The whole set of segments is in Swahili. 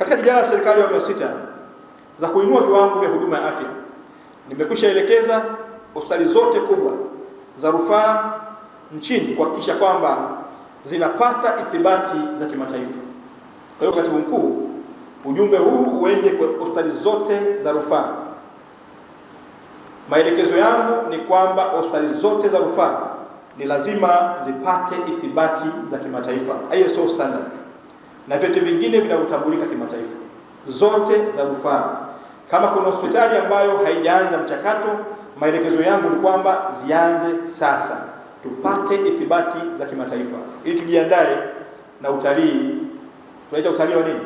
Katika jadala la serikali ya awamu ya sita za kuinua viwango vya huduma ya afya, nimekwishaelekeza elekeza hospitali zote kubwa za rufaa nchini kuhakikisha kwamba zinapata ithibati za kimataifa. Kwa hiyo, katibu mkuu, ujumbe huu uende kwa hospitali zote za rufaa. Maelekezo yangu ni kwamba hospitali zote za rufaa ni lazima zipate ithibati za kimataifa ISO standard na vyeti vingine vinavyotambulika kimataifa zote za rufaa. Kama kuna hospitali ambayo haijaanza mchakato, maelekezo yangu ni kwamba zianze sasa, tupate ithibati za kimataifa ili tujiandae na utalii. Tunaita utalii wa nini?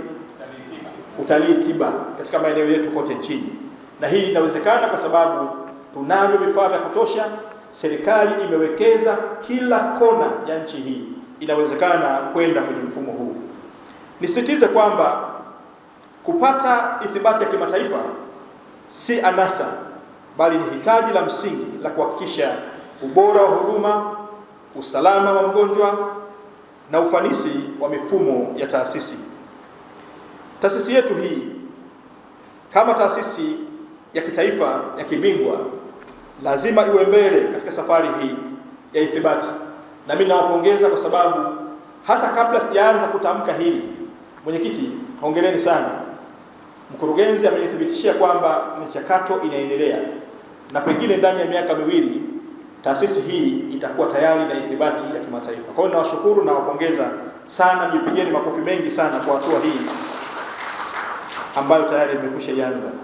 Utalii tiba katika maeneo yetu kote nchini, na hii inawezekana kwa sababu tunavyo vifaa vya kutosha. Serikali imewekeza kila kona ya nchi hii, inawezekana kwenda kwenye mfumo huu. Nisitize kwamba kupata ithibati ya kimataifa si anasa, bali ni hitaji la msingi la kuhakikisha ubora wa huduma, usalama wa mgonjwa na ufanisi wa mifumo ya taasisi. Taasisi yetu hii kama taasisi ya kitaifa ya kibingwa lazima iwe mbele katika safari hii ya ithibati, na mimi nawapongeza kwa sababu hata kabla sijaanza kutamka hili Mwenyekiti, hongereni sana. Mkurugenzi amenithibitishia kwamba michakato inaendelea na pengine ndani ya miaka miwili taasisi hii itakuwa tayari na ithibati ya kimataifa. Kwa hiyo nawashukuru na wapongeza sana, jipigeni makofi mengi sana kwa hatua hii ambayo tayari imekwisha ianza.